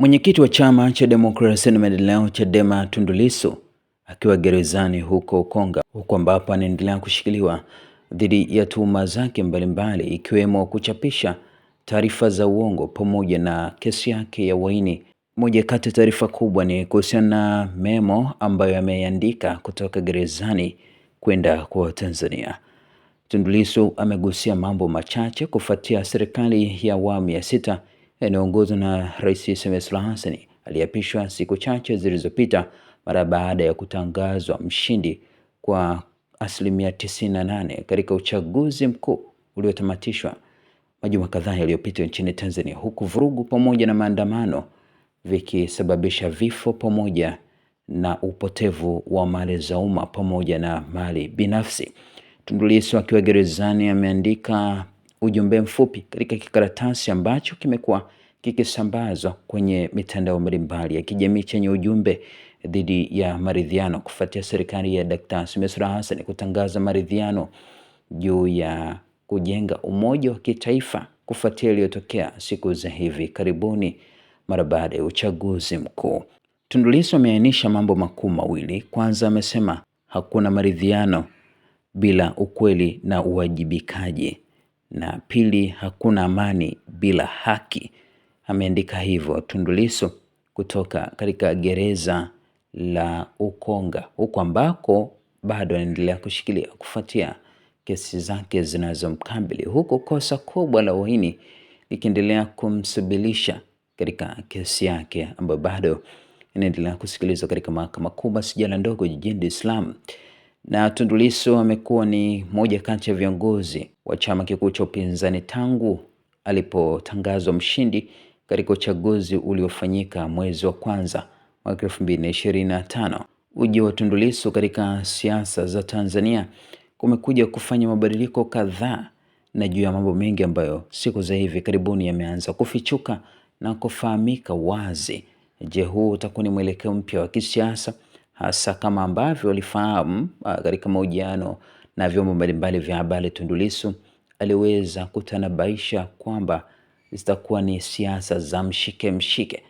Mwenyekiti wa chama cha demokrasia na maendeleo Chadema, Tundu Lissu akiwa gerezani huko Ukonga, huko ambapo anaendelea kushikiliwa dhidi ya tuhuma zake mbalimbali ikiwemo kuchapisha taarifa za uongo pamoja na kesi yake ya uhaini. Moja kati ya taarifa kubwa ni kuhusiana na memo ambayo ameandika kutoka gerezani kwenda kwa Tanzania. Tundu Lissu amegusia mambo machache kufuatia serikali ya awamu ya sita yanayoongozwa na Rais Samia Suluhu Hassan aliyeapishwa siku chache zilizopita mara baada ya kutangazwa mshindi kwa asilimia 98 katika uchaguzi mkuu uliotamatishwa majuma kadhaa yaliyopita nchini Tanzania, huku vurugu pamoja na maandamano vikisababisha vifo pamoja na upotevu wa mali za umma pamoja na mali binafsi. Tundu Lissu akiwa gerezani ameandika ujumbe mfupi katika kikaratasi ambacho kimekuwa kikisambazwa kwenye mitandao mbalimbali ya kijamii chenye ujumbe dhidi ya maridhiano kufuatia serikali ya Dkt. Samia Suluhu Hassan kutangaza maridhiano juu ya kujenga umoja wa kitaifa kufuatia iliyotokea siku za hivi karibuni mara baada ya uchaguzi mkuu. Tundu Lissu ameainisha mambo makuu mawili. Kwanza, amesema hakuna maridhiano bila ukweli na uwajibikaji na pili, hakuna amani bila haki. Ameandika hivyo Tundu Lissu kutoka katika gereza la Ukonga huko ambako bado anaendelea kushikilia kufuatia kesi zake zinazomkabili, huku kosa kubwa la uhaini likiendelea kumsubilisha katika kesi yake ambayo bado inaendelea kusikilizwa katika mahakama kubwa sijala ndogo jijini Dar es Salaam na Tundu Lissu amekuwa ni moja kati ya viongozi wa chama kikuu cha upinzani tangu alipotangazwa mshindi katika uchaguzi uliofanyika mwezi wa kwanza mwaka 2025. Ujio wa Tundu Lissu katika siasa za Tanzania kumekuja kufanya mabadiliko kadhaa na juu ya mambo mengi ambayo siku za hivi karibuni yameanza kufichuka na kufahamika wazi. Je, huu utakuwa ni mwelekeo mpya wa kisiasa hasa kama ambavyo walifahamu ah, katika mahojiano na vyombo mbalimbali vya habari. Tundu Lissu aliweza kutanabaisha kwamba zitakuwa ni siasa za mshike mshike.